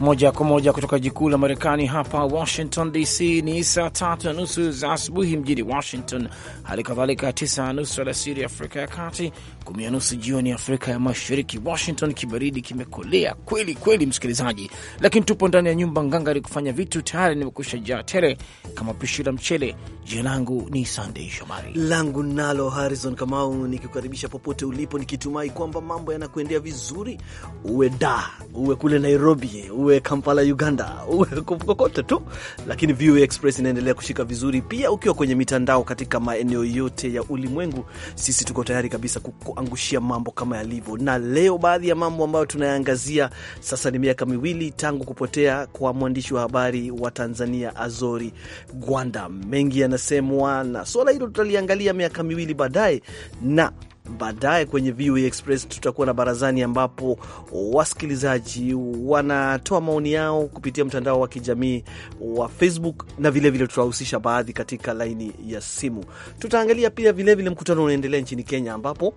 moja kwa moja kutoka jikuu la Marekani hapa Washington DC. Ni saa tatu na nusu za asubuhi mjini Washington, hali kadhalika tisa na nusu alasiri Afrika ya Kati, kumi na nusu jioni Afrika ya Mashariki. Washington kibaridi kimekolea kweli kweli, msikilizaji, lakini tupo ndani ya nyumba ngangari kufanya vitu. Tayari nimekusha jaa tele kama pishi la mchele. Jina langu ni Sandei Shomari, langu nalo Harrison Kamau, nikikukaribisha popote ulipo, nikitumai kwamba mambo yanakuendea vizuri, uwe da uwe kule Nairobi uwe uwe Kampala, Uganda, uwe kokote tu, lakini VOA Express inaendelea kushika vizuri, pia ukiwa kwenye mitandao katika maeneo yote ya ulimwengu. Sisi tuko tayari kabisa kukuangushia mambo kama yalivyo, na leo baadhi ya mambo ambayo tunayaangazia sasa. Ni miaka miwili tangu kupotea kwa mwandishi wa habari wa Tanzania Azori Gwanda. Mengi yanasemwa na swala hilo tutaliangalia miaka miwili baadaye na Baadaye kwenye VOA e Express tutakuwa na barazani, ambapo wasikilizaji wanatoa maoni yao kupitia mtandao wa kijamii wa Facebook na vilevile tutawahusisha baadhi katika laini ya simu. Tutaangalia pia vilevile mkutano unaendelea nchini Kenya ambapo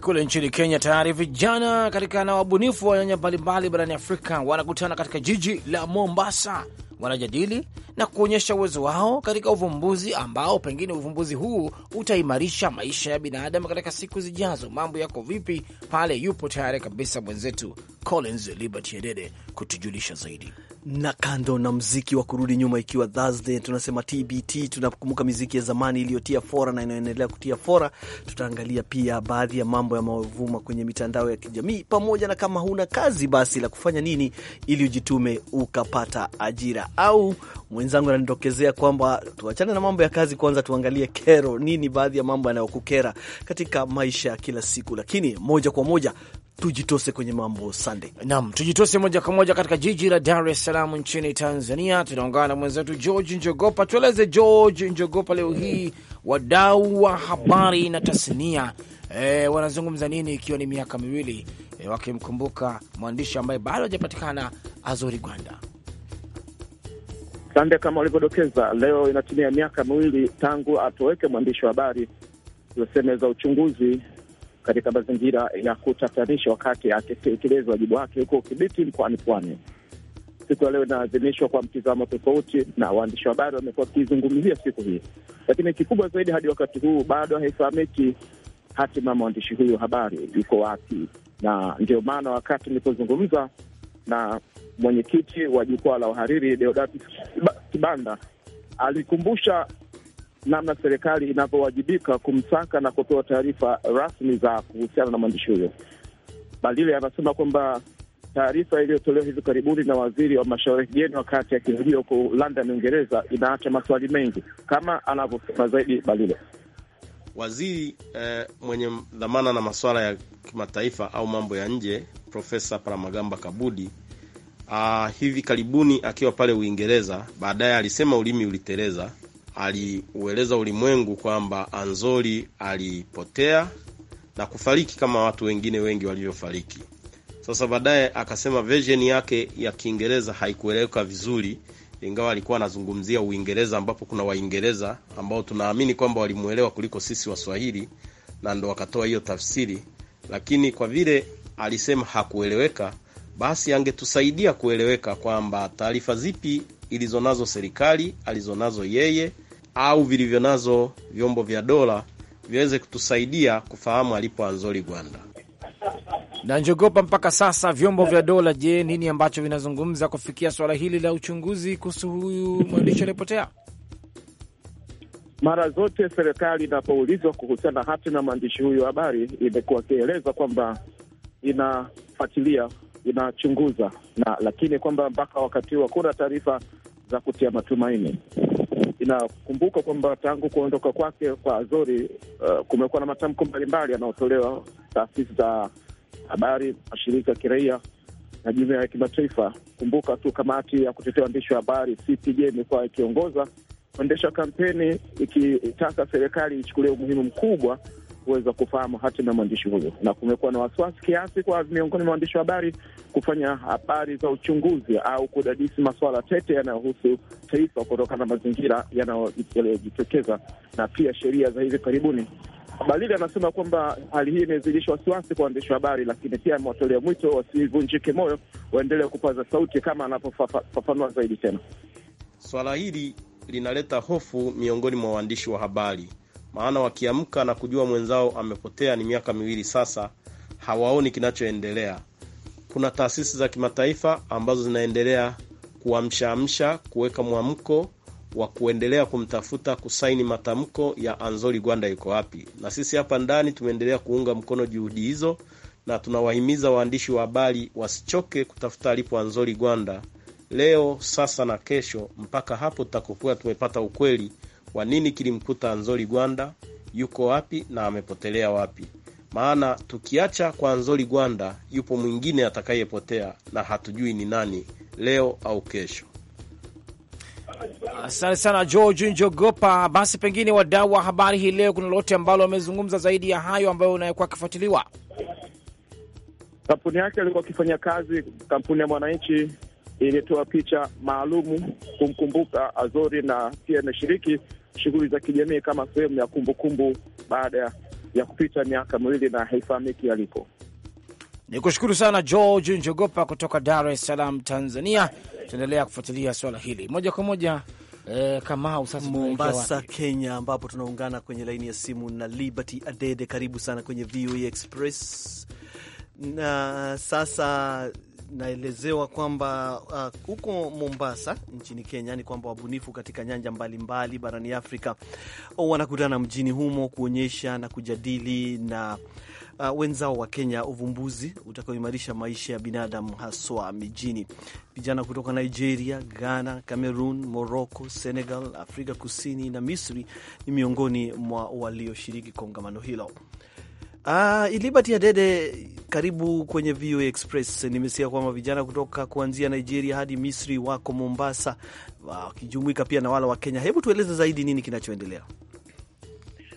kule nchini Kenya tayari vijana katika na wabunifu wa nyanya mbalimbali barani Afrika wanakutana katika jiji la Mombasa wanajadili na kuonyesha uwezo wao katika uvumbuzi ambao pengine uvumbuzi huu utaimarisha maisha ya binadamu katika siku zijazo. Mambo yako vipi pale? Yupo tayari kabisa mwenzetu Collins Liberty edede kutujulisha zaidi na kando na mziki wa kurudi nyuma, ikiwa Thursday tunasema TBT, tunakumbuka miziki ya zamani iliyotia fora na inayoendelea kutia fora. Tutaangalia pia baadhi ya mambo yanayovuma kwenye mitandao ya kijamii, pamoja na kama huna kazi basi la kufanya nini ili ujitume ukapata ajira. Au mwenzangu ananidokezea kwamba tuachane na mambo ya kazi kwanza, tuangalie kero, nini baadhi ya mambo yanayokukera katika maisha ya kila siku. Lakini moja kwa moja tujitose kwenye mambo Sunday. Naam, tujitose moja kwa moja katika jiji la Dar es Salaam nchini Tanzania. Tunaungana na mwenzetu George Njogopa. Tueleze George Njogopa, leo hii wadau wa habari na tasnia e, wanazungumza nini, ikiwa ni miaka miwili e, wakimkumbuka mwandishi ambaye bado hajapatikana Azori Gwanda. Sande, kama walivyodokeza, leo inatumia miaka miwili tangu atoweke mwandishi wa habari, tuseme za uchunguzi katika mazingira ya kutatanisha wakati akitekeleza wajibu wake huko Kibiti mkoani Pwani. Siku ya leo inaadhimishwa kwa mtizamo tofauti, na waandishi wa habari wamekuwa wakizungumzia siku hii, lakini kikubwa zaidi hadi wakati huu bado haifahamiki hatima mwandishi huyu habari yuko wapi, na ndio maana wakati nilipozungumza na mwenyekiti wa jukwaa la uhariri Deodatus Kibanda alikumbusha namna serikali inavyowajibika kumsaka na kupewa taarifa rasmi za kuhusiana na mwandishi huyo. Balile anasema kwamba taarifa iliyotolewa hivi karibuni na waziri wa mashauri ya kigeni wakati akirejea huko London, Uingereza, inaacha maswali mengi, kama anavyosema zaidi Badile. Waziri eh, mwenye dhamana na masuala ya kimataifa au mambo ya nje Profesa Paramagamba Kabudi ah, hivi karibuni akiwa pale Uingereza, baadaye alisema ulimi ulitereza aliueleza ulimwengu kwamba Anzori alipotea na kufariki kama watu wengine wengi walivyofariki. Sasa baadaye akasema version yake ya Kiingereza haikueleweka vizuri, ingawa alikuwa anazungumzia Uingereza ambapo kuna Waingereza ambao tunaamini kwamba walimuelewa kuliko sisi Waswahili, na ndo wakatoa hiyo tafsiri, lakini kwa vile alisema hakueleweka, basi angetusaidia kueleweka kwamba taarifa zipi ilizonazo serikali alizonazo yeye au vilivyo nazo vyombo vya dola viweze kutusaidia kufahamu alipo Anzori Gwanda na njogopa. Mpaka sasa vyombo vya dola, je, nini ambacho vinazungumza kufikia swala hili la uchunguzi kuhusu huyu mwandishi aliyepotea? Mara zote serikali inapoulizwa kuhusiana hatima mwandishi huyu habari, imekuwa ikieleza kwamba inafuatilia, inachunguza na lakini kwamba mpaka wakati huu hakuna taarifa za kutia matumaini inakumbuka kwamba tangu kuondoka kwake kwa Azori uh, kumekuwa na matamko mbalimbali yanayotolewa taasisi za habari, mashirika ya kiraia na jumuiya ya kimataifa. Kumbuka tu kamati ya kutetea waandishi wa habari CPJ imekuwa ikiongoza kuendesha kampeni ikitaka serikali ichukulie umuhimu mkubwa kuweza kufahamu hatima ya mwandishi huyo, na kumekuwa na wasiwasi kiasi kwa miongoni mwa waandishi wa habari kufanya habari za uchunguzi au kudadisi masuala tete yanayohusu taifa kutokana na mazingira yanayojitokeza na pia sheria za hivi karibuni. Balili anasema kwamba hali hii imezidisha wasiwasi kwa waandishi wa habari, lakini pia amewatolea mwito wasivunjike moyo, waendelee kupaza sauti, kama anapofafanua zaidi. Tena swala hili linaleta hofu miongoni mwa waandishi wa habari maana wakiamka na kujua mwenzao amepotea ni miaka miwili sasa, hawaoni kinachoendelea. Kuna taasisi za kimataifa ambazo zinaendelea kuamshaamsha, kuweka mwamko wa kuendelea kumtafuta, kusaini matamko ya Anzori Gwanda yuko wapi, na sisi hapa ndani tumeendelea kuunga mkono juhudi hizo, na tunawahimiza waandishi wa habari wasichoke kutafuta alipo Anzori Gwanda leo, sasa na kesho, mpaka hapo tutakokuwa tumepata ukweli kwa nini kilimkuta Anzoli Gwanda, yuko wapi na amepotelea wapi? Maana tukiacha kwa Anzoli Gwanda, yupo mwingine atakayepotea na hatujui ni nani, leo au kesho. Asante sana George Njogopa. Basi pengine wadau wa habari hii leo, kuna lolote ambalo wamezungumza zaidi ya hayo ambayo unayokuwa akifuatiliwa? Kampuni yake alikuwa akifanya kazi, kampuni ya Mwananchi ilitoa picha maalumu kumkumbuka Azori na pia imeshiriki shughuli za kijamii kama sehemu ya kumbukumbu baada ya kupita miaka miwili na haifahamiki aliko. Ni kushukuru sana George Njogopa kutoka Dar es Salaam, Tanzania. Tuendelea kufuatilia swala hili moja kwa moja. E, Kamau sasa Mombasa, Kenya, ambapo tunaungana kwenye laini ya simu na Liberty Adede. Karibu sana kwenye VOA e Express na sasa naelezewa kwamba uh, huko uh, Mombasa nchini Kenya ni kwamba wabunifu katika nyanja mbalimbali mbali barani Afrika oh, wanakutana mjini humo kuonyesha na kujadili na uh, wenzao wa Kenya uvumbuzi utakaoimarisha maisha ya binadamu haswa mijini. Vijana kutoka Nigeria, Ghana, Cameroon, Morocco, Senegal, Afrika Kusini na Misri ni miongoni mwa walioshiriki kongamano hilo. Ah, Liberty Adede, karibu kwenye VOA Express. Nimesikia kwamba vijana kutoka kuanzia Nigeria hadi Misri wako Mombasa wakijumuika pia na wala wa Kenya. Hebu tueleze zaidi nini kinachoendelea?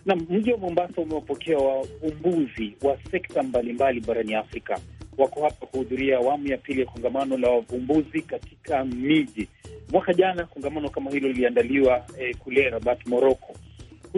Na mji wa Mombasa umewapokea wavumbuzi wa sekta mbalimbali barani Afrika. Wako hapa kuhudhuria awamu ya pili ya kongamano la wavumbuzi katika miji. Mwaka jana kongamano kama hilo liliandaliwa eh, kule Rabat, Morocco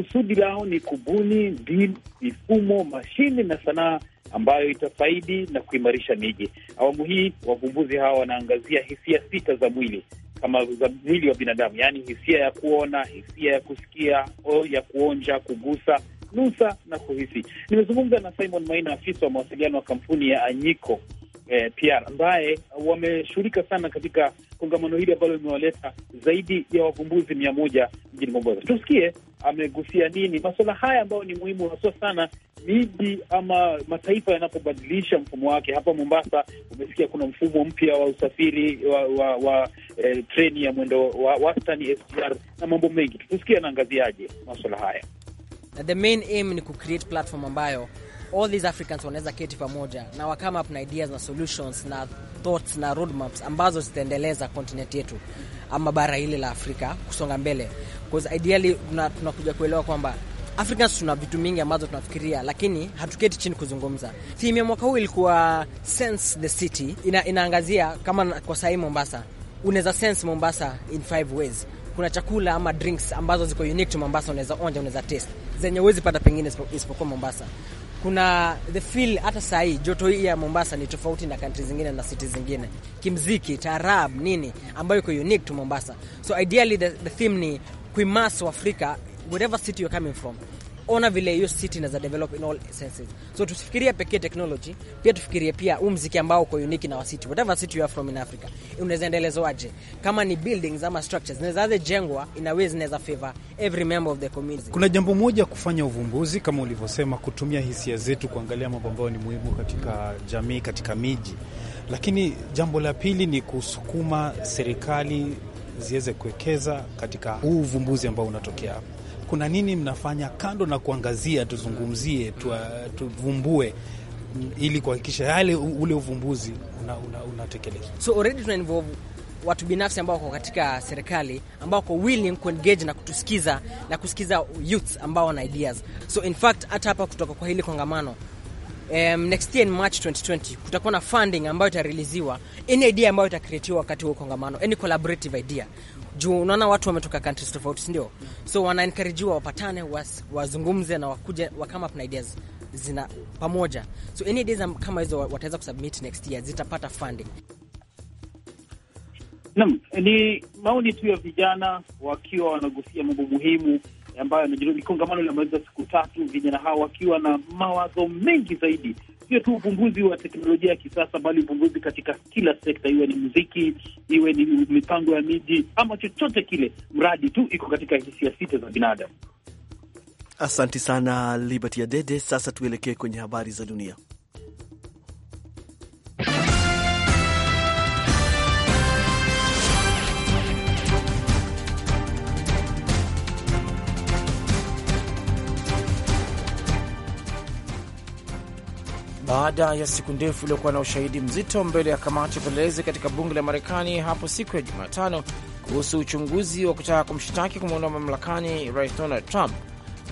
kusudi lao ni kubuni mbinu, mifumo, mashine na sanaa ambayo itafaidi na kuimarisha miji. Awamu hii wavumbuzi hawa wanaangazia hisia sita za mwili kama za mwili wa binadamu, yaani hisia ya kuona, hisia ya kusikia, o ya kuonja, kugusa, nusa na kuhisi. Nimezungumza na Simon Maina, afisa wa mawasiliano wa kampuni ya Anyiko eh, PR ambaye wameshughulika sana katika kongamano hili ambalo limewaleta zaidi ya wavumbuzi mia moja mjini Mombasa. Tusikie amegusia nini masuala haya ambayo ni muhimu haswa sana miji ama mataifa yanapobadilisha mfumo wake. Hapa Mombasa umesikia kuna mfumo mpya wa usafiri wa, wa, wa eh, treni ya mwendo wa wastani SGR na mambo mengi. Tusikie anaangaziaje maswala haya. The main aim ni kucreate platform ambayo all these Africans wanaweza keti pamoja na wakama up na ideas na solutions na thoughts na roadmaps ambazo zitaendeleza continent yetu ama bara hili la Afrika kusonga mbele, because ideally tunakuja kuelewa kwamba Africans tuna vitu mingi ambazo tunafikiria, lakini hatuketi chini kuzungumza. Theme ya mwaka huu ilikuwa sense the city. Ina, inaangazia kama kwa sahii Mombasa, unaweza sense Mombasa in five ways. Kuna chakula ama drinks ambazo ziko unique to Mombasa, unaweza onja, unaweza taste zenye huwezi pata pengine isipokuwa Mombasa kuna the feel hata saa hii joto hii ya Mombasa ni tofauti na kantri zingine na siti zingine, kimziki, taarab, nini ambayo iko unique to Mombasa. So ideally the, the theme ni kuimas Afrika whatever city you're coming from ona vile hiyo city inaweza develop in all senses. So tusifikirie pekee technology, pia tufikirie pia huu mziki ambao uko unique na wa city. whatever city you are from in Africa, unaweza endelezwaje? Kama ni buildings ama structures zinawezaje jengwa in a way zinaweza favor every member of the community. Kuna jambo moja kufanya uvumbuzi kama ulivyosema, kutumia hisia zetu kuangalia mambo ambayo ni muhimu katika jamii, katika miji, lakini jambo la pili ni kusukuma serikali ziweze kuwekeza katika huu uvumbuzi ambao unatokea hapa kuna nini mnafanya kando na kuangazia, tuzungumzie, tuvumbue ili kuhakikisha yale ule uvumbuzi unatekelezwa. Una, una so already tuna involve watu binafsi ambao wako katika serikali ambao wako willing kuengage na kutusikiza na kusikiza youth ambao wana ideas. So in fact hata hapa kutoka kwa hili kongamano Um, next year in March 2020 kutakuwa na funding ambayo itareleasiwa, any idea ambayo itakreatiwa wakati wa kongamano, any collaborative idea juu unaona watu wametoka countries tofauti, sindio ndio? So wanaenkarijiwa wapatane, wazungumze na wakuje wakama up na ideas zina pamoja. So any ideas kama hizo wataweza kusubmit next year, zitapata funding. Naam, ni maoni tu ya vijana wakiwa wanagusia mambo muhimu ambayo ni kongamano la maweza siku tatu, vijana hawa wakiwa na mawazo mengi zaidi, sio tu uvumbuzi wa teknolojia ya kisasa, bali uvumbuzi katika kila sekta, iwe ni muziki, iwe ni mipango ya miji ama chochote kile, mradi tu iko katika hisia sita za binadamu. Asanti sana Liberty Adede. Sasa tuelekee kwenye habari za dunia. baada ya siku ndefu iliyokuwa na ushahidi mzito mbele ya kamati ya upelelezi katika bunge la Marekani hapo siku ya Jumatano kuhusu uchunguzi wa kutaka kumshtaki kumwondoa mamlakani rais Donald Trump.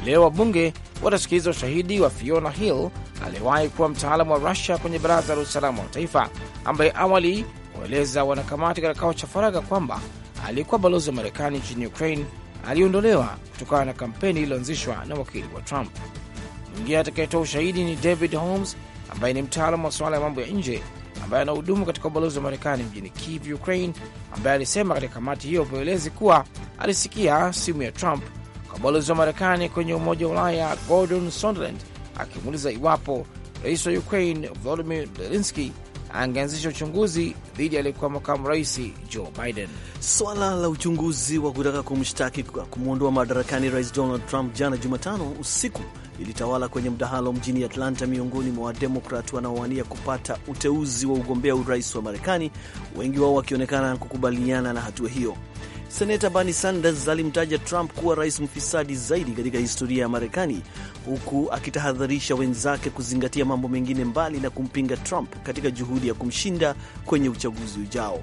Leo wabunge watasikiliza ushahidi wa Fiona Hill aliyewahi kuwa mtaalamu wa Rusia kwenye baraza la usalama wa taifa, ambaye awali waeleza wanakamati katika kao cha faragha kwamba aliyekuwa balozi wa Marekani nchini Ukraine aliondolewa kutokana na kampeni iliyoanzishwa na wakili wa Trump. Mwingine atakayetoa ushahidi ni David Holmes ambaye ni mtaalamu wa masuala ya mambo ya nje ambaye anahudumu katika ubalozi wa Marekani mjini Kiev, Ukraine, ambaye alisema katika kamati hiyo upelelezi kuwa alisikia simu ya Trump kwa balozi wa Marekani kwenye Umoja wa Ulaya Gordon Sondland akimuuliza iwapo rais wa Ukraine Volodimir Zelenski angeanzisha uchunguzi dhidi aliyekuwa makamu rais Joe Biden. Swala la uchunguzi wa kutaka kumshtaki kwa kumwondoa madarakani rais Donald Trump jana Jumatano usiku ilitawala kwenye mdahalo mjini Atlanta miongoni mwa Wademokrat wanaowania kupata uteuzi wa ugombea urais wa Marekani, wengi wao wakionekana kukubaliana na hatua hiyo. Seneta Bernie Sanders alimtaja Trump kuwa rais mfisadi zaidi katika historia ya Marekani, huku akitahadharisha wenzake kuzingatia mambo mengine mbali na kumpinga Trump katika juhudi ya kumshinda kwenye uchaguzi ujao.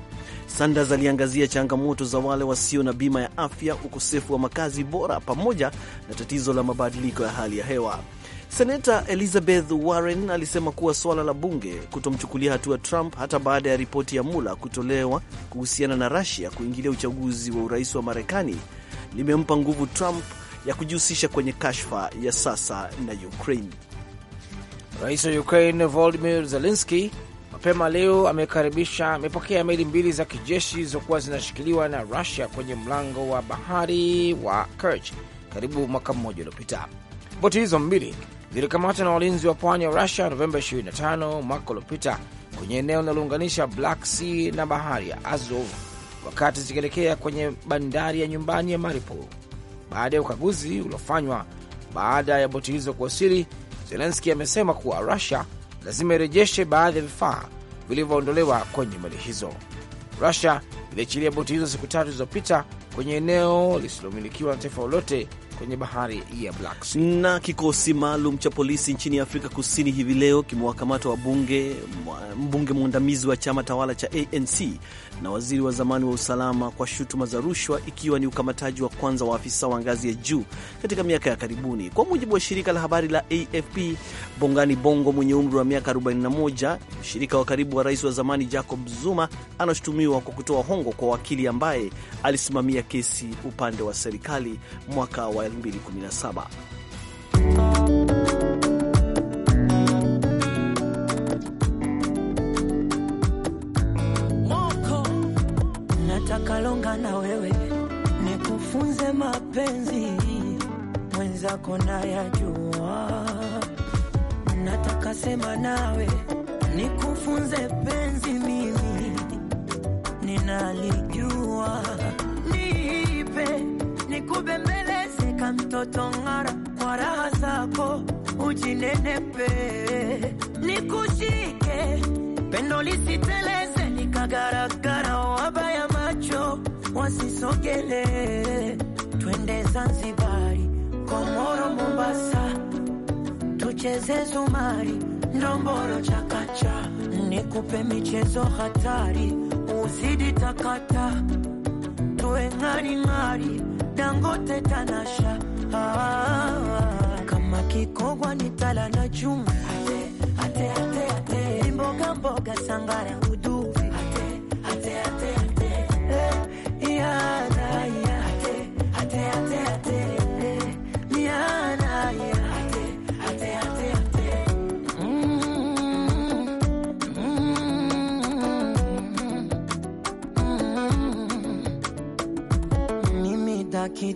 Sanders aliangazia changamoto za wale wasio na bima ya afya, ukosefu wa makazi bora, pamoja na tatizo la mabadiliko ya hali ya hewa. Seneta Elizabeth Warren alisema kuwa suala la bunge kutomchukulia hatua Trump hata baada ya ripoti ya mula kutolewa kuhusiana na rasia kuingilia uchaguzi wa urais wa Marekani limempa nguvu Trump ya kujihusisha kwenye kashfa ya sasa na Ukraine. Rais wa Ukraine volodimir zelenski mapema leo amekaribisha amepokea meli mbili za kijeshi zilizokuwa zinashikiliwa na rusia kwenye mlango wa bahari wa Kerch karibu mwaka mmoja uliopita. Boti hizo mbili zilikamatwa na walinzi wa pwani ya Rusia Novemba 25 mwaka uliopita kwenye eneo linalounganisha Black Sea na bahari ya Azov wakati zikielekea kwenye bandari ya nyumbani ya Mariupol. Baada ya ukaguzi uliofanywa baada ya boti hizo kuwasili, Zelenski amesema kuwa Rusia lazima irejeshe baadhi ya vifaa vilivyoondolewa kwenye meli hizo. Rusia iliachilia boti hizo siku tatu zilizopita kwenye eneo lisilomilikiwa na taifa lolote kwenye bahari ya Black Sea. Na kikosi maalum cha polisi nchini Afrika Kusini hivi leo kimewakamata wabunge mbunge mwandamizi wa chama tawala cha ANC na waziri wa zamani wa usalama kwa shutuma za rushwa, ikiwa ni ukamataji wa kwanza wa afisa wa ngazi ya juu katika miaka ya karibuni. Kwa mujibu wa shirika la habari la AFP, Bongani Bongo mwenye umri wa miaka 41, mshirika wa karibu wa rais wa zamani Jacob Zuma, anashutumiwa kwa kutoa hongo kwa wakili ambaye alisimamia kesi upande wa serikali mwaka wa 2017. Kalonga na wewe nikufunze mapenzi, mwenzako nayajua, nataka sema nawe nikufunze penzi, mimi ninalijua, niipe nikubembeleze, kamtoto ng'ara, kwa raha zako ujinenepe, nikushike pendo lisiteleze, nikagaragara wabaya macho wasisogele, twende Zanzibari, Komoro, Mombasa, tucheze zumari, ndomboro, chakacha, nikupe michezo hatari, uzidi takata, tuwe ng'aring'ari, Dangote, Tanasha, ah, kama kikogwa nitala na chuma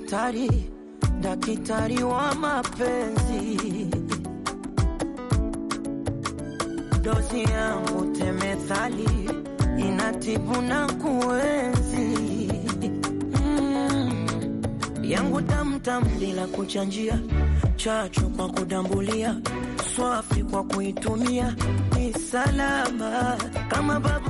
daktari, daktari wa mapenzi, dozi yangu temethali inatibu na kuenzi mm. yangu tamtam bila kuchanjia, chachu kwa kudambulia, swafi kwa kuitumia, ni salama kama baba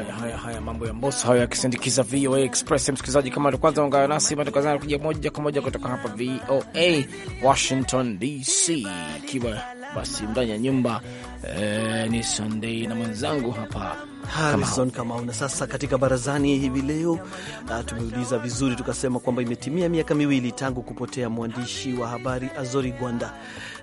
Haya haya haya, mambo ya Mbosso hayo yakisindikiza VOA Express. Msikilizaji, kama ndio kwanza ungana nasi, matangazo yanakuja moja kwa moja kutoka hapa VOA Washington DC, ikiwa basi ndani ya nyumba eh, ni Sunday na mwenzangu hapa Harrison Kamau. Na sasa katika barazani hivi leo uh, tumeuliza vizuri, tukasema kwamba imetimia miaka miwili tangu kupotea mwandishi wa habari Azori Gwanda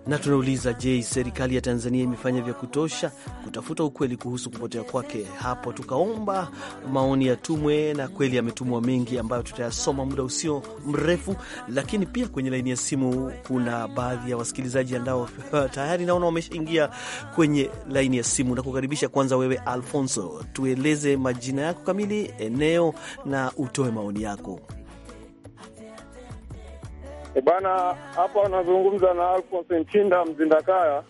na tunauliza je, serikali ya Tanzania imefanya vya kutosha kutafuta ukweli kuhusu kupotea kwake? Hapo tukaomba maoni yatumwe, na kweli ametumwa mengi ambayo tutayasoma muda usio mrefu. Lakini pia kwenye laini ya simu kuna baadhi ya wasikilizaji ambao tayari naona wameshaingia kwenye laini ya simu, na kukaribisha kwanza. Wewe Alfonso, tueleze majina yako kamili, eneo na utoe maoni yako. Eh, bwana, hapa anazungumza na Alphonse Ntinda Mzindakaya,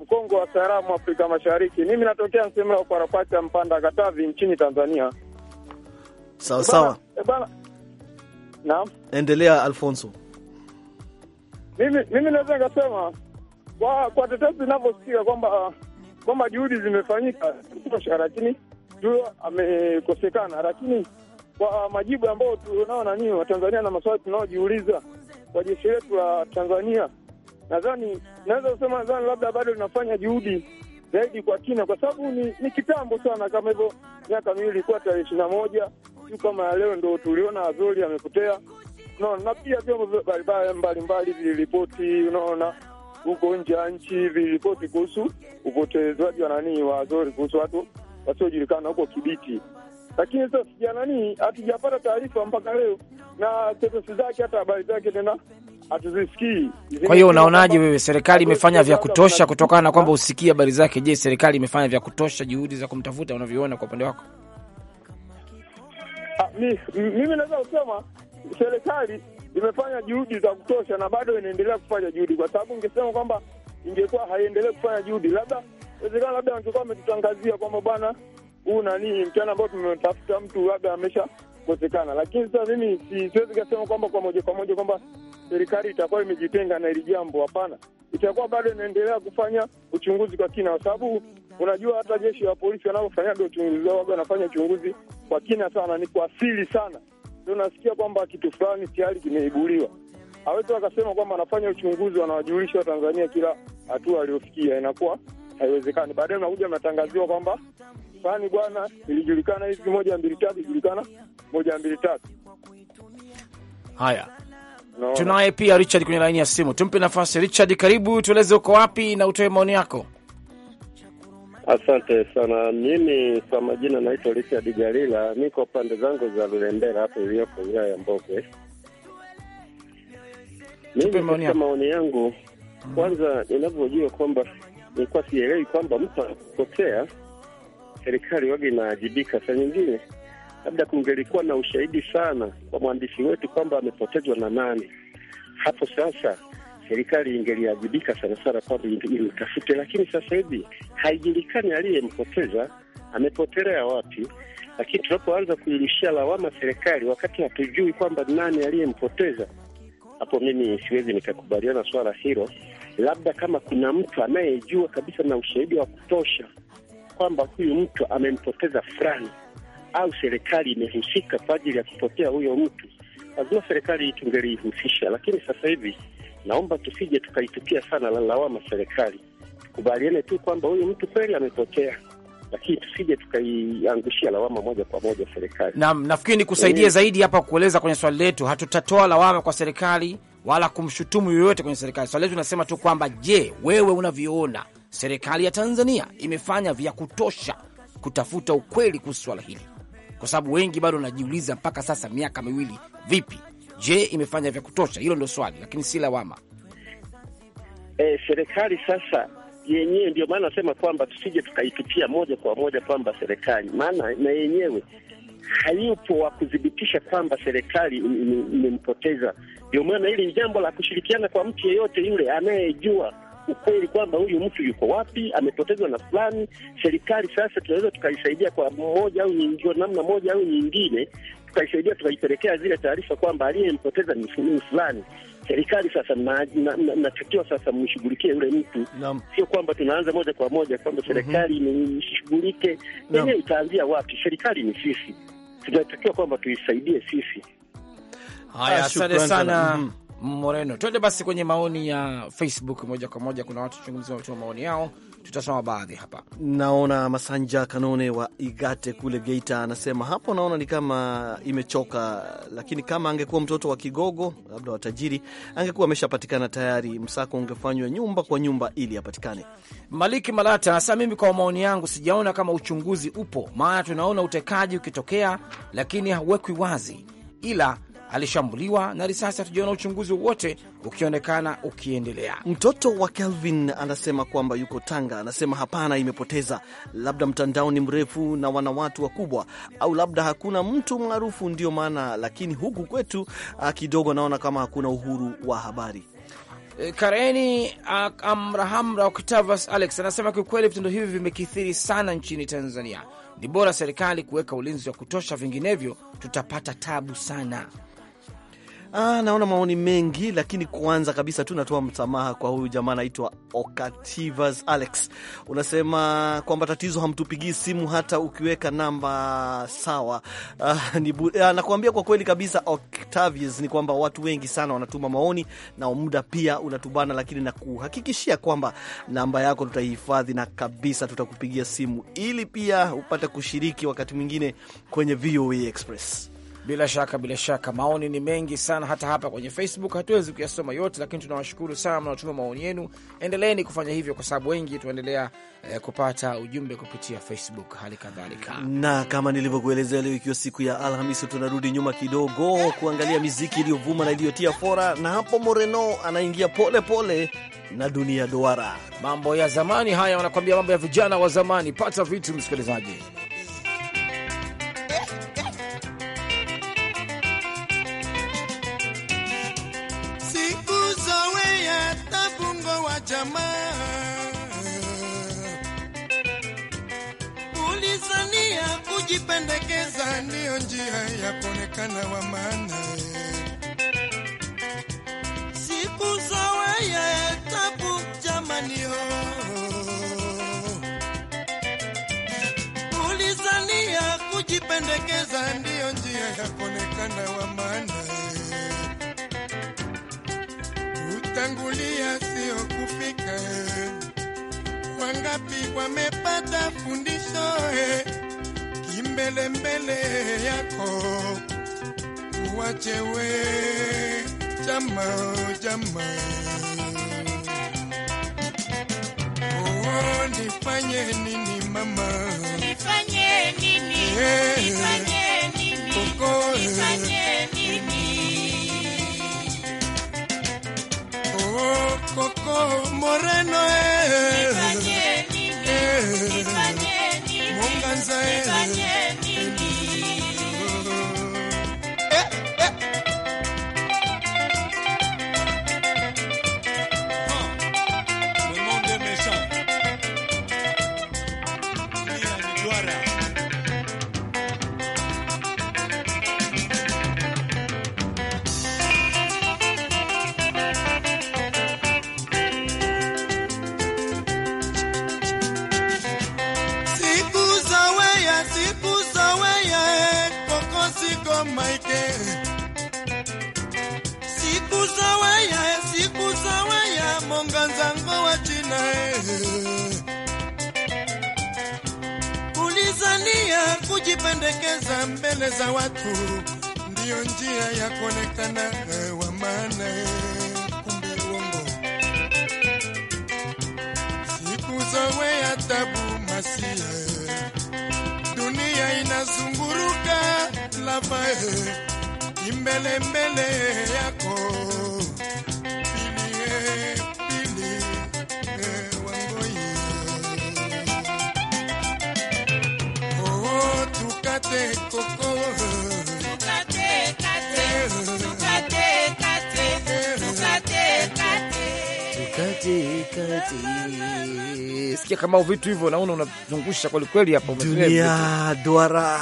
mkongo wa Saramu, Afrika Mashariki. Mimi natokea Nsemla wa Kwarapati ya Mpanda, Katavi, nchini Tanzania. Sawa sawa, eh, bwana. Eh, Naam, endelea Alfonso. Mimi mimi naweza nikasema kwa kwa tetesi zinavyosikika kwamba kwamba juhudi zimefanyika kutosha, lakini huyo amekosekana, lakini kwa majibu ambayo tunaona nanii Watanzania na maswali tunaojiuliza kwa jeshi letu la Tanzania, nadhani naweza kusema, nadhani labda bado linafanya juhudi zaidi kwa kina, kwa sababu ni, ni kitambo sana kama hivyo, miaka miwili ilikuwa tarehe ishirini na moja siku kama ya leo ndo tuliona Azori amepotea, unaona, na pia vyombo baribara mbalimbali viliripoti, unaona huko nje ya nchi viliripoti kuhusu upotezaji wa nani wa Azori, kuhusu watu wasiojulikana huko Kibiti lakini sasa sijananii, hatujapata taarifa mpaka leo, na tetesi zake hata habari zake tena hatuzisikii. Kwa hiyo unaonaje wewe, serikali imefanya vya kutosha kutokana na kwamba usikii habari zake? Je, serikali imefanya vya kutosha juhudi za kumtafuta, unavyoona kwa upande wako? Ah, mimi naweza kusema serikali imefanya juhudi za kutosha na bado inaendelea kufanya juhudi, kwa sababu ningesema kwamba ingekuwa haiendelee kufanya juhudi, labda wezekana, labda wangekuwa wametutangazia kwamba bwana huu nanii mchana ambao tumetafuta mtu labda ameshakosekana, lakini sasa mimi siwezi kasema kwamba kwa moja kwa moja kwamba serikali itakuwa imejitenga na hili jambo, hapana. Itakuwa bado inaendelea kufanya uchunguzi kwa kina, kwa sababu unajua hata jeshi la polisi wanavyofanyaga uchunguzi wao, waga wanafanya uchunguzi kwa kina sana, ni kwa asili sana, ndio nasikia kwamba kitu fulani tayari kimeibuliwa. awezi wakasema kwamba anafanya uchunguzi, wanawajulisha Watanzania kila hatua aliyofikia, inakuwa haiwezekani. Baadaye unakuja unatangaziwa kwamba fani bwana, ilijulikana hivi moja mbili tatu, ilijulikana moja mbili tatu. Haya, no. Tunaye pia Richard kwenye laini ya simu, tumpe nafasi Richard. Karibu, tueleze uko wapi na utoe maoni yako. Asante sana. Mimi kwa majina naitwa Richard Garila, niko pande zangu za Lulembera hapo iliyoko wilaya ya Mbogwe. Mimi katika maoni yangu, mm. kwanza ninavyojua kwamba nilikuwa sielewi kwamba mtu anapotea serikali waga inaajibika. Saa nyingine labda kungelikuwa na ushahidi sana kwa mwandishi wetu kwamba amepotezwa na nani, hapo sasa serikali ingeliajibika sana sana kwamba imtafute, lakini sasa hivi haijulikani aliyempoteza amepotelea wapi. Lakini tunapoanza kuirushia lawama serikali wakati hatujui kwamba nani aliyempoteza, hapo mimi siwezi nikakubaliana swala hilo labda kama kuna mtu anayejua kabisa na ushahidi wa kutosha kwamba huyu mtu amempoteza fulani au serikali imehusika kwa ajili ya kupotea huyo mtu, lazima serikali tungelihusisha. Lakini sasa hivi naomba tusije tukaitukia sana la lawama serikali, tukubaliane tu kwamba huyu mtu kweli amepotea, lakini tusije tukaiangushia lawama moja kwa moja serikali. Naam, nafikiri nikusaidie zaidi hapa kueleza kwenye swali letu, hatutatoa lawama kwa serikali wala kumshutumu yoyote kwenye serikali. Swali letu inasema tu kwamba je, wewe unavyoona serikali ya Tanzania imefanya vya kutosha kutafuta ukweli kuhusu swala hili? Kwa sababu wengi bado wanajiuliza mpaka sasa, miaka miwili vipi? Je, imefanya vya kutosha? Hilo ndio swali, lakini si lawama. E, serikali sasa yenyewe ndio maana nasema kwamba tusije tukaitupia moja kwa moja kwamba serikali, maana na yenyewe hayupo wa kuthibitisha kwamba serikali imempoteza. Ndio maana hili ni jambo la kushirikiana kwa mtu yeyote yule anayejua ukweli kwamba huyu mtu yuko wapi, amepotezwa na fulani. Serikali sasa tunaweza tukaisaidia kwa moja au nyingine, namna moja au nyingine, tukaisaidia tukaipelekea zile taarifa kwamba aliyempoteza ni fulani. Serikali sasa natakiwa sasa mshughulikie yule mtu, sio kwamba tunaanza moja kwa moja kwamba mhm. serikali mm -hmm. ishughulike. Enyewe itaanzia wapi? Serikali ni sisi tunatakiwa kwamba tuisaidie sisi. Haya, ah, asante sana mm Moreno, twende basi kwenye maoni ya Facebook moja kwa moja. Kuna watu chungumzia wa maoni yao tutasoma baadhi hapa. Naona Masanja Kanone wa Igate kule Geita anasema hapo, naona ni kama imechoka, lakini kama angekuwa mtoto wa kigogo, labda watajiri, angekuwa ameshapatikana tayari. Msako ungefanywa nyumba kwa nyumba ili apatikane. Maliki Malata anasema mimi kwa maoni yangu sijaona kama uchunguzi upo, maana tunaona utekaji ukitokea, lakini hauwekwi wazi, ila alishambuliwa na risasi. Hatujaona uchunguzi wowote ukionekana ukiendelea. Mtoto wa Kelvin anasema kwamba yuko Tanga, anasema hapana, imepoteza labda mtandao ni mrefu na wana watu wakubwa, au labda hakuna mtu maarufu ndio maana, lakini huku kwetu ah, kidogo naona kama hakuna uhuru wa habari. E, Kareni Amrahamra Octavus Alex anasema kiukweli, vitendo hivi vimekithiri sana nchini Tanzania. Ni bora serikali kuweka ulinzi wa kutosha, vinginevyo tutapata tabu sana. Ah, naona maoni mengi, lakini kwanza kabisa tu natoa msamaha kwa huyu jamaa anaitwa Okativas Alex. Unasema kwamba tatizo hamtupigii simu hata ukiweka namba sawa. Ah, ni ah, nakuambia kwa kweli kabisa Octavius, ni kwamba watu wengi sana wanatuma maoni na muda pia unatubana, lakini nakuhakikishia kwamba namba yako tutahifadhi na kabisa tutakupigia simu ili pia upate kushiriki wakati mwingine kwenye VOA e Express. Bila shaka, bila shaka, maoni ni mengi sana, hata hapa kwenye Facebook hatuwezi kuyasoma yote, lakini tunawashukuru sana mnaotuma maoni yenu. Endeleeni kufanya hivyo, kwa sababu wengi tunaendelea eh, kupata ujumbe kupitia Facebook hali kadhalika. Na kama nilivyokuelezea, leo ikiwa siku ya Alhamisi, tunarudi nyuma kidogo kuangalia miziki iliyovuma na iliyotia fora, na hapo Moreno anaingia pole pole na dunia duara. Mambo ya zamani haya, wanakwambia mambo ya vijana wa zamani. Pata vitu, msikilizaji. njia ya kuonekana wa maana. Siku za weye tabu jamani, ho oh. ulizania kujipendekeza ndiyo njia ya kuonekana wa maana. Kutangulia sio kufika, wangapi wamepata fundisho mbele mbele yako uwachewe jama jama oh, nifanye nini mama nifanye nini nifanye nini oh, Koko, Moreno eh. nifanye nini nifanye nini Munganza eh. Mike. Siku za waya, siku za waya, monga nzango wa China. Kulizania e. kujipendekeza mbele za watu ndiyo njia ya kuonekana e, wa maana. E. Kumbe uongo. Siku za waya tabu baba imbelembele yako pili eh, pili eh, oh, oh katikati. Sikia kama vitu hivyo, naona unazungusha kweli kweli hapo. Dunia duara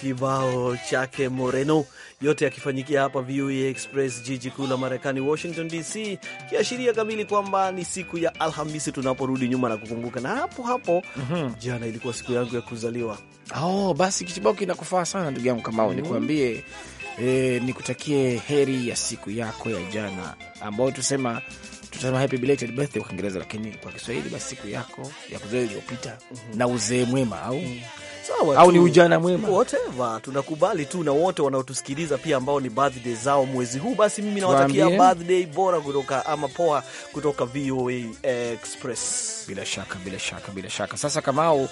kibao chake Moreno, yote yakifanyikia hapa VOA e Express, jiji kuu la Marekani, Washington DC, kiashiria kamili kwamba ni siku ya Alhamisi tunaporudi nyuma na kukumbuka. Na hapo hapo mm -hmm. jana ilikuwa siku yangu ya kuzaliwa. Oh, basi kibao kinakufaa sana ndugu yangu Kamau. mm -hmm. nikuambie eh, nikutakie heri ya siku yako ya jana ambayo tusema tutasema happy belated birthday kwa Kiingereza, lakini kwa Kiswahili basi siku yako ya kuzaliwa iliyopita mm -hmm. na uzee mwema au mm. Sawa, au ni ujana mwema, whatever tunakubali tu, na wote wanaotusikiliza pia ambao ni birthday zao mwezi huu, basi mimi nawatakia birthday bora kutoka ama poa kutoka VOA Express. Bila shaka bila shaka bila shaka. Sasa Kamau,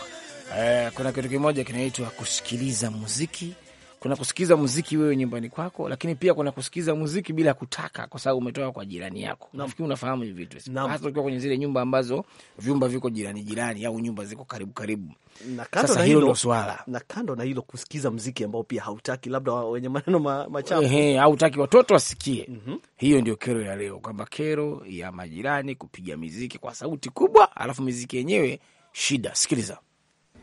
eh, kuna kitu kimoja kinaitwa kusikiliza muziki kuna kusikiza muziki wewe nyumbani kwako, lakini pia kuna kusikiza muziki bila kutaka, kwa sababu umetoka kwa jirani yako. Nafikiri unafahamu hivi vitu, hasa ukiwa kwenye zile nyumba ambazo vyumba viko jirani jirani au nyumba ziko karibu karibu. Na kando hilo swala, na kando na hilo kusikiza muziki ambao pia hautaki, labda wenye maneno ma, machafu hautaki watoto wasikie. mm -hmm. Hiyo ndio kero ya leo, kwamba kero ya majirani kupiga miziki kwa sauti kubwa, alafu miziki yenyewe shida. Sikiliza.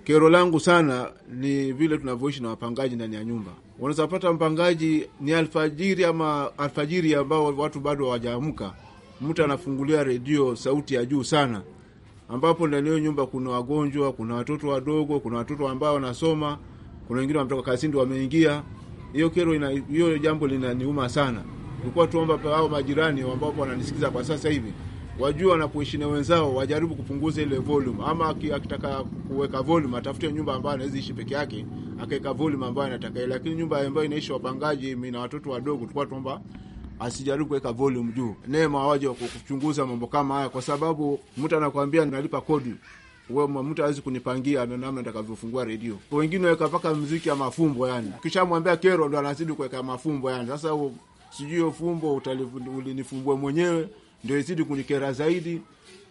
Kero langu sana ni vile tunavyoishi na wapangaji ndani ya nyumba. Unaweza pata mpangaji ni alfajiri ama alfajiri ambao watu bado hawajaamka, mtu anafungulia redio sauti ya juu sana, ambapo ndani hiyo nyumba kuna wagonjwa, kuna watoto wadogo, kuna watoto ambao wanasoma, kuna wengine wametoka kazini ndio wameingia. Hiyo kero ina, hiyo jambo linaniuma sana. Nilikuwa tuomba hao majirani ambao wananisikiza kwa sasa hivi wajue wanapoishi na wenzao, wajaribu kupunguza ile volume, ama akitaka kuweka volume atafute nyumba ambayo anaweza ishi peke yake, akaweka volume ambayo anataka, lakini nyumba ambayo inaishi wapangaji, mimi na watoto wadogo, tulikuwa tuomba asijaribu kuweka volume juu. Neema waje kuchunguza mambo kama haya, kwa sababu mtu anakuambia nalipa kodi wewe mtu hawezi kunipangia na namna nitakavyofungua redio. Wengine waweka mpaka mziki ya mafumbo yani, kisha kero, ndo anazidi kuweka mafumbo yani. Sasa sijui fumbo ulinifumbue mwenyewe ndio izidi kunikera zaidi.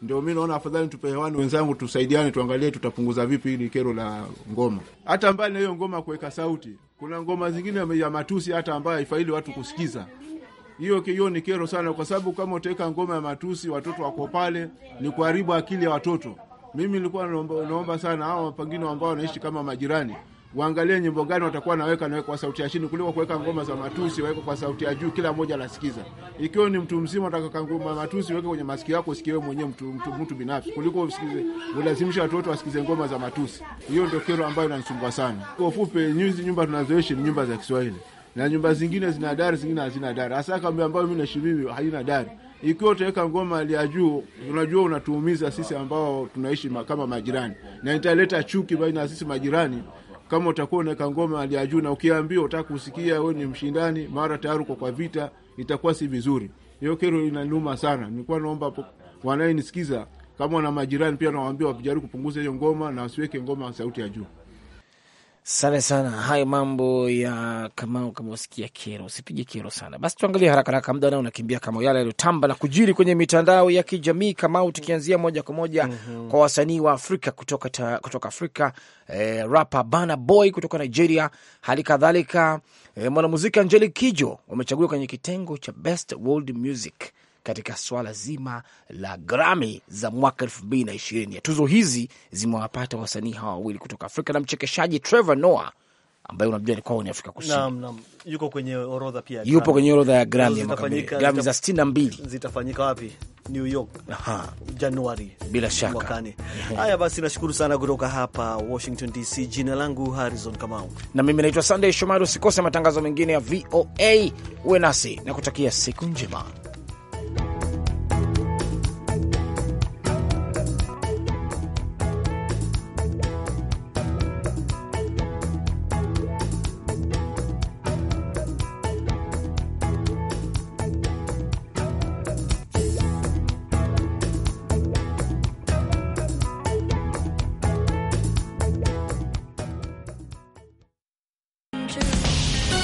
Ndio mi naona afadhali tupe hewani wenzangu, tusaidiane, tuangalie tutapunguza vipi hili kero la ngoma. Hata mbali na hiyo ngoma kuweka sauti, kuna ngoma zingine ya matusi hata ambayo haifaili watu kusikiza. Hiyo hiyo ni kero sana, kwa sababu kama utaweka ngoma ya matusi, watoto wako pale, ni kuharibu akili ya watoto. Mimi nilikuwa naomba, naomba sana hao pengine ambao wanaishi kama majirani waangalie nyimbo gani watakuwa naweka naweka kwa sauti ya chini kuliko kuweka ngoma za matusi waweke kwa sauti ya juu, kila mmoja anasikiza. Ikiwa ni mtu mzima atakaka ngoma matusi, weke kwenye masikio yako usikie mwenyewe, mtu mtu, mtu binafsi, kuliko usikize ulazimisha watoto wasikize ngoma za matusi. Hiyo ndio kero ambayo inanisumbua sana. Kwa ufupi, nyuzi nyumba tunazoishi ni nyumba za Kiswahili na nyumba zingine zina dari, zingine hazina dari, hasa kama ambayo mimi naishi mimi haina dari. Ikiwa utaweka ngoma ya juu, unajua unatuumiza sisi ambao tunaishi kama majirani, na italeta chuki baina ya sisi majirani kama utakuwa unaweka ngoma hali ya juu na ukiambiwa utaka kusikia we ni mshindani, mara tayari uko kwa vita, itakuwa si vizuri. Hiyo kero inaniuma sana. Nilikuwa naomba wanayenisikiza, kama wana majirani pia, nawaambia wajaribu kupunguza hiyo ngoma na wasiweke ngoma sauti ya juu sante sana. Hayo mambo ya Kamau, kama usikia kero, usipige kero sana. Basi tuangalie haraka haraka, muda nao unakimbia, kama yale yaliyotamba na kujiri kwenye mitandao ya kijamii. Kamau, tukianzia moja kwa moja mm -hmm. kwa wasanii wa Afrika kutoka, ta, kutoka Afrika eh, rapa bana Boy kutoka Nigeria, hali kadhalika eh, mwanamuziki Angelique Kidjo wamechaguliwa kwenye kitengo cha Best World Music katika swala zima la Grammy za mwaka elfu mbili na ishirini. Tuzo hizi zimewapata wasanii hawa wawili kutoka Afrika na mchekeshaji Trevor Noah ambaye unajua ni kwao ni Afrika Kusini. Naam, naam. Yuko kwenye orodha pia. Yupo kwenye orodha ya Grammy ya Grammy za 62. Zitafanyika wapi? New York. Aha. Januari. Bila shaka. Mwakani. Haya basi nashukuru sana kutoka hapa Washington DC. Jina langu Harrison Kamau. Na mimi naitwa Sunday Shomari. Usikose matangazo mengine ya VOA. Uwe nasi na kutakia siku njema.